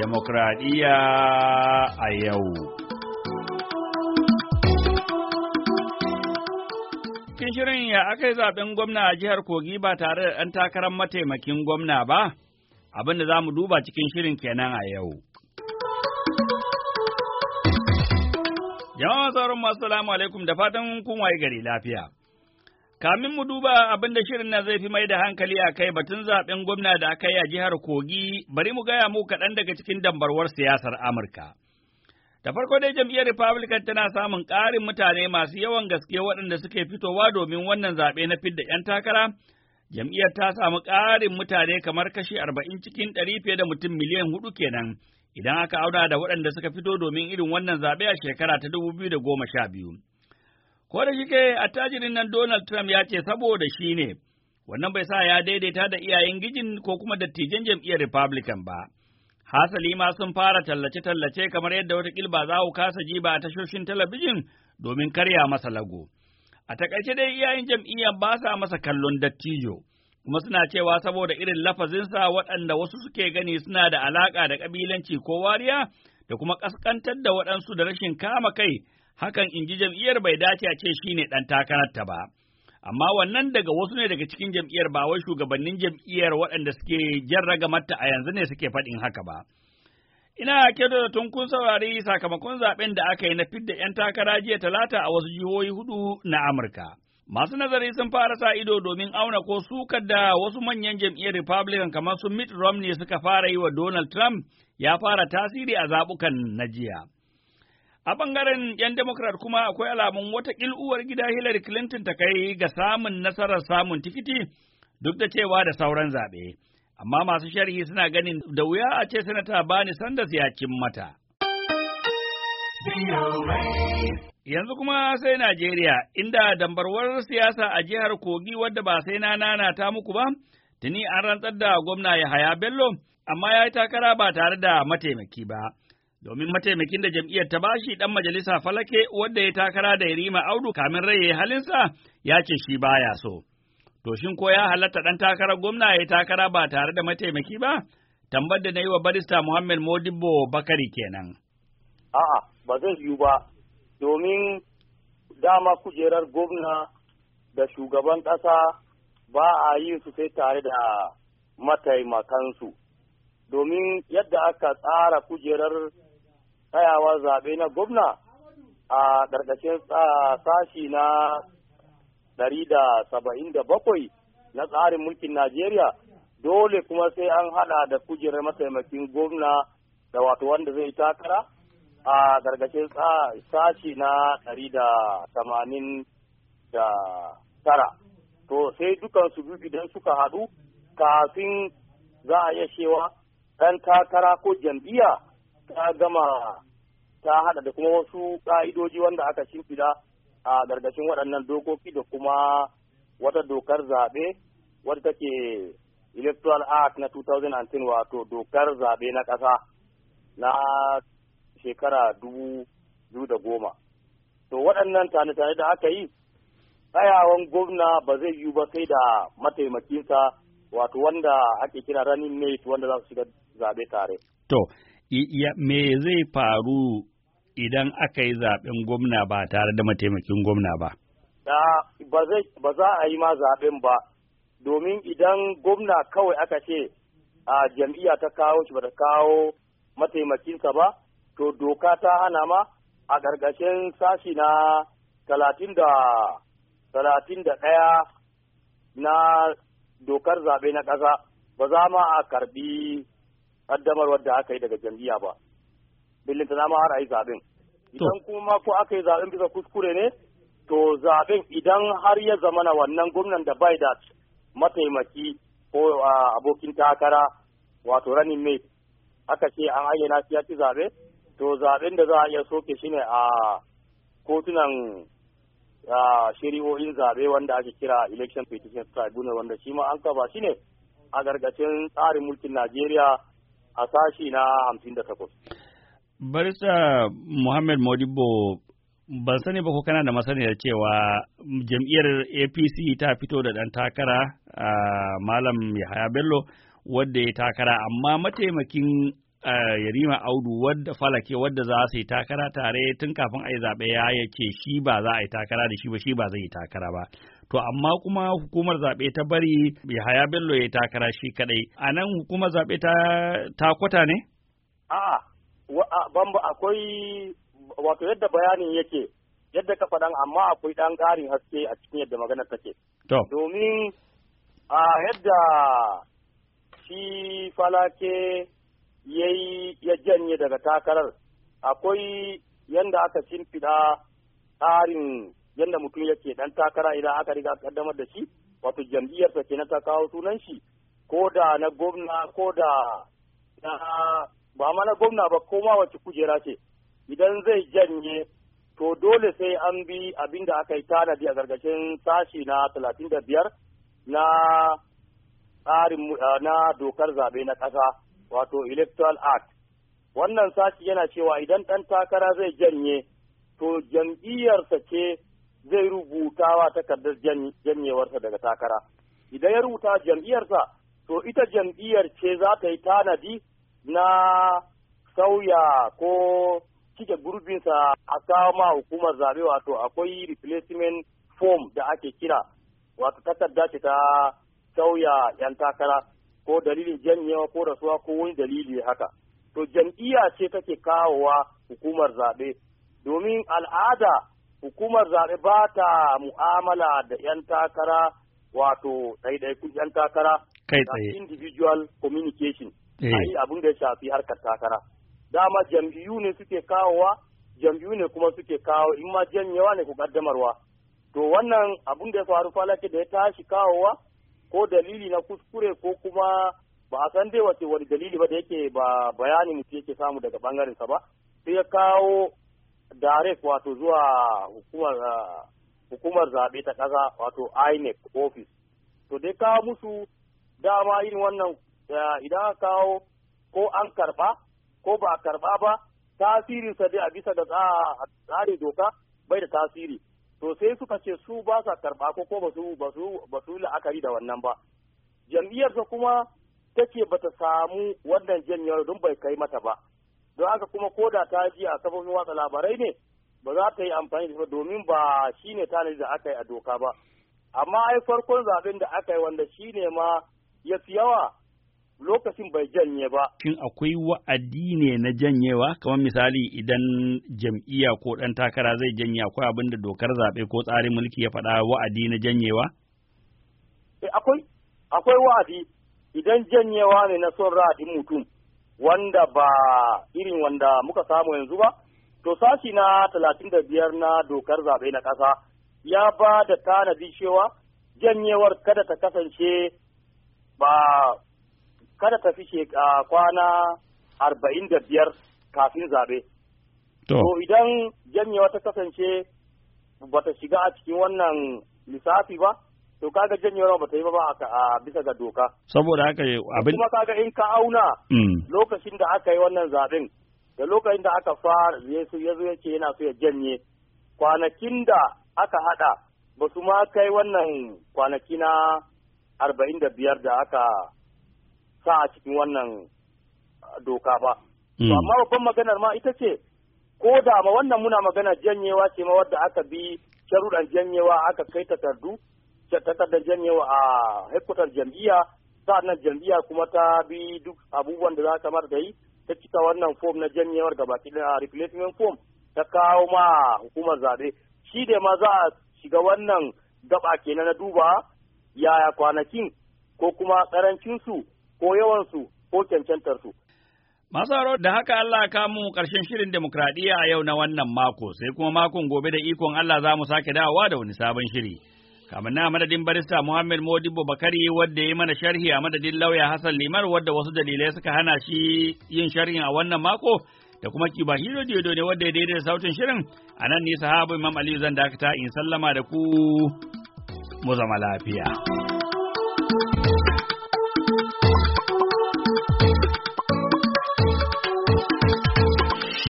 demokradiyya a yau. Cikin shirin ya aka yi zaɓen gwamna a jihar Kogi ba tare da ɗan takarar mataimakin gwamna ba, Abinda da za mu duba cikin shirin kenan a yau. Jama'a sauran masu salamu alaikum da fatan kun waye gari lafiya. Kamin mu duba abin da shirin na zai fi mai da hankali a kai batun zaben gwamna da aka yi a jihar Kogi, bari mu gaya mu kaɗan daga cikin dambarwar siyasar Amurka. Da farko dai jam'iyyar Republican tana samun ƙarin mutane masu yawan gaske waɗanda suke fitowa domin wannan zaɓe na fidda ‘yan takara, jam'iyyar ta samu ƙarin mutane kamar kashi arba'in cikin ɗari fiye da mutum miliyan hudu kenan, idan aka auna da waɗanda suka fito domin irin wannan zaɓe a shekara ta dubu biyu da goma sha biyu. Ko da shike attajirin nan Donald Trump ya ce saboda shi ne, wannan bai sa ya daidaita da iyayen gijin ko kuma dattijan jam'iyyar Republican ba. Hasali ma sun fara tallace-tallace kamar yadda wata ba za ku kasa ji ba a tashoshin talabijin domin karya masa lago. A takaice dai iyayen jam'iyyar ba sa masa kallon dattijo, kuma suna cewa saboda irin lafazinsa waɗanda wasu suke gani suna da alaƙa da ƙabilanci ko wariya da kuma ƙasƙantar da waɗansu da rashin kama kai hakan in ji jam'iyyar bai dace a ce shi ne ɗan takararta ba. Amma wannan daga wasu ne daga cikin jam'iyyar ba wai shugabannin jam'iyyar waɗanda suke jan ragamarta a yanzu ne suke faɗin haka ba. Ina ke da tun kun saurari sakamakon zaɓen da aka yi na fidda 'yan takara jiya talata a wasu jihohi hudu na Amurka. Masu nazari sun fara sa ido domin auna ko sukar da wasu manyan jam'iyyar Republican kamar su Mitt Romney suka fara yi wa Donald Trump ya fara tasiri a zaɓukan na jiya. A ɓangaren 'yan Democrat kuma akwai alamun wata uwar gida Hillary Clinton ta kai ga samun nasarar samun tikiti duk da cewa da sauran zaɓe. Amma masu sharhi suna ganin da wuya a ce Sanata Bani Sanders ya cin mata. Yanzu kuma sai Najeriya, inda dambarwar siyasa a jihar Kogi wadda ba sai na nana ta muku ba, tuni an rantsar da gwamna Yahaya Bello, amma ya yi takara ba tare da mataimaki ba. domin mataimakin da jam'iyyar ta bashi dan majalisa Falake wanda ya takara da Yarima Audu kamin rai raye halinsa ya ce shi baya so. To shin ko ya halatta dan takarar gwamna ya takara ba tare da mataimaki ba? Tambar da na yi wa barista Muhammad Modibbo Bakari kenan. A'a ba zai yiwu ba domin dama kujerar gwamna da shugaban ƙasa ba a yi su sai tare da mataimakansu. Domin yadda aka tsara kujerar tsayawar zaɓe na gwamna a ƙarƙashin sashi na ɗari da saba'in da bakwai na tsarin mulkin Najeriya dole kuma sai an haɗa da kujerar mataimakin gwamna da wato wanda zai takara a ƙarƙashin sashi na ɗari da tamanin da tara. To sai dukansu biyu idan suka haɗu kafin za a iya cewa ɗan takara ko jam'iyya ta gama ta hada da kuma wasu ka'idoji wanda aka shimfida a gargashin waɗannan dokoki da kuma wata dokar zaɓe wadda take electoral act na 2010 wato dokar zaɓe na ƙasa na shekara dubu da goma to waɗannan tane-tane da aka yi tsayawan gwamna ba zai yiwu ba sai da mataimakinsa wato wanda ake kira running mate wanda za su shiga zaɓe tare to me zai faru idan aka yi zaɓen gwamna ba tare da mataimakin gwamna ba? Ba za a yi ma zaɓen ba, domin idan gwamna kawai aka ce a jam'iyya ta kawo shi ba ta kawo mataimakinsa ba, to doka ta hana ma a ƙarƙashin sashi na talatin da ɗaya na dokar zaɓe na ƙasa ba za ma a karɓi kaddamarwar wadda aka yi daga jam'iyya ba billinta na ma har a yi zaɓen idan kuma ko aka yi zaɓen bisa kuskure ne to zaɓen idan har ya zama na wannan gwamnan da bai da mataimaki ko abokin takara wato ranin mate aka ce an ayyana shi ya ci zaɓe to zaɓen da za a iya soke shi ne a kotunan shari'o'in zaɓe wanda ake kira election petition tribunal wanda shi ma an kaba shi ne a gargacin tsarin mulkin najeriya a sashi na hamsin da takwas. Barista Muhammad Modibo ban sani ba ko kana da masaniyar cewa jam'iyyar APC ta fito da ɗan takara a Malam Yahaya Bello wadda ya takara amma mataimakin Yarima Audu wadda falake wadda za su yi takara tare tun kafin a yi zaɓe ya yake shi ba za a yi takara da shi ba shi ba zai yi takara ba. to amma kuma hukumar zaɓe ta bari Yahaya Bello ya takara shi kadai a nan hukumar zaɓe ta ta ne? A'a bamba akwai wato yadda bayanin yake yadda ka faɗan amma akwai ɗan ƙarin haske a cikin yadda magana take. To. Domin a yadda shi falake ya ya janye daga takarar akwai yanda aka shimfiɗa tsarin yadda mutum yake dan takara idan aka riga kaddamar da shi wato jam'iyyar ke kenan ta kawo sunan shi ko da na gwamna ko da na ba ma na gwamna ba ko ma wace kujera ce idan zai janye to dole sai an bi abin da aka yi tanadi a gargashin sashi na talatin da biyar na tsarin ah, na dokar zabe na ƙasa wato electoral act wannan sashi yana cewa idan ɗan takara zai janye to jam'iyyarsa ce zai rubuta wa takardar janyewarsa daga takara idan ya rubuta jam'iyyarsa to ita jam'iyyar ce za ta yi tanadi na sauya ko cike gurbinsa a kawo ma hukumar zaɓe wato akwai replacement form da ake kira wato takarda ce ta sauya 'yan takara ko dalilin janyewa ko rasuwa ko wani dalili haka to jam'iyya ce take kawowa hukumar zaɓe domin al'ada hukumar zaɓe ba ta mu'amala da 'yan takara wato ɗaiɗaikun 'yan takara kai tsaye individual communication eh. ai abin da ya shafi harkar takara dama jam'iyyu ne suke kawowa jam'iyyu ne kuma suke kawo in ma janyewa ne ku kaddamarwa to wannan abin da ya faru falake da ya tashi kawowa ko dalili na kuskure ko kuma ba a san dai wace wani dalili ba da yake ba bayani mutum yake samu daga bangarensa ba sai ya kawo direct wato zuwa uh, hukumar zaɓe ta ƙasa wato INEC office to dai kawo musu dama yin wannan uh, idan aka kawo ko an karɓa ko ba a karɓa ba tasirin sa dai a bisa da tsari doka bai da tasiri to sai suka ce su ba sa karɓa ko ko ba su la'akari da wannan ba jam'iyyarsa kuma take bata samu wannan janyewar don bai kai mata ba don haka kuma koda ta ji a kafofin watsa labarai ne ba za ta yi amfani da domin ba shi ne tanadi da aka yi a doka ba amma ai farkon zaben da aka yi wanda shi ne ma ya fi yawa lokacin bai janye ba. Shin akwai wa'adi ne na janyewa kamar misali idan jam'iyya ko ɗan takara zai janye akwai abin da dokar zaɓe ko tsarin mulki ya faɗa wa'adi na janyewa? Eh, akwai akwai wa'adi idan janyewa ne na son ra'adin mutum wanda ba irin wanda muka samu yanzu ba to sashi na talatin da biyar na dokar zaɓe na ƙasa ya ba da tanadi cewa janyewar kada ta kasance ba kada ta fice kwana arba'in da biyar kafin zaɓe. To idan janyewar ta kasance ba ta shiga a cikin wannan lissafi ba, to kaga janyewa ba ta yi ba a bisa ga doka saboda haka abin kuma kaga in ka auna mm. lokacin da aka yi wannan zaben da lokacin da aka fara yesu zo yake yana so ya janye kwanakin da aka hada ba su ma kai wannan kwanaki na arba'in da biyar da aka sa a cikin wannan doka ba mm. amma babban maganar ma ita ce ko da ma wannan muna magana janyewa ce ma wadda aka bi sharuɗan janyewa aka kai takardu takardar janyewa a headquarter jam'iyya sa'annan jam'iyya kuma ta bi duk abubuwan da za a kamar da yi ta cika wannan fom na janyewar gaba ɗaya replacement fom ta kawo ma hukumar zaɓe shi da ma za a shiga wannan gaba kenan na duba yaya kwanakin ko kuma karancinsu ko yawansu ko cancantarsu. Masu haro da haka Allah ka mu ƙarshen shirin demokradiyya a yau na wannan mako sai kuma makon gobe da ikon Allah za mu sake dawowa da wani sabon shiri. Kamar na madadin barista Muhammad Modibo Bakari wadda ya mana sharhi a madadin lauya Hassan Limar wadda wasu dalilai suka hana shi yin sharhin a wannan mako da kuma Kiba Hiro Diodo ne wadda ya daidaita sautin shirin a nan ne sahabu Imam Ali zan dakata in sallama da ku mu zama lafiya.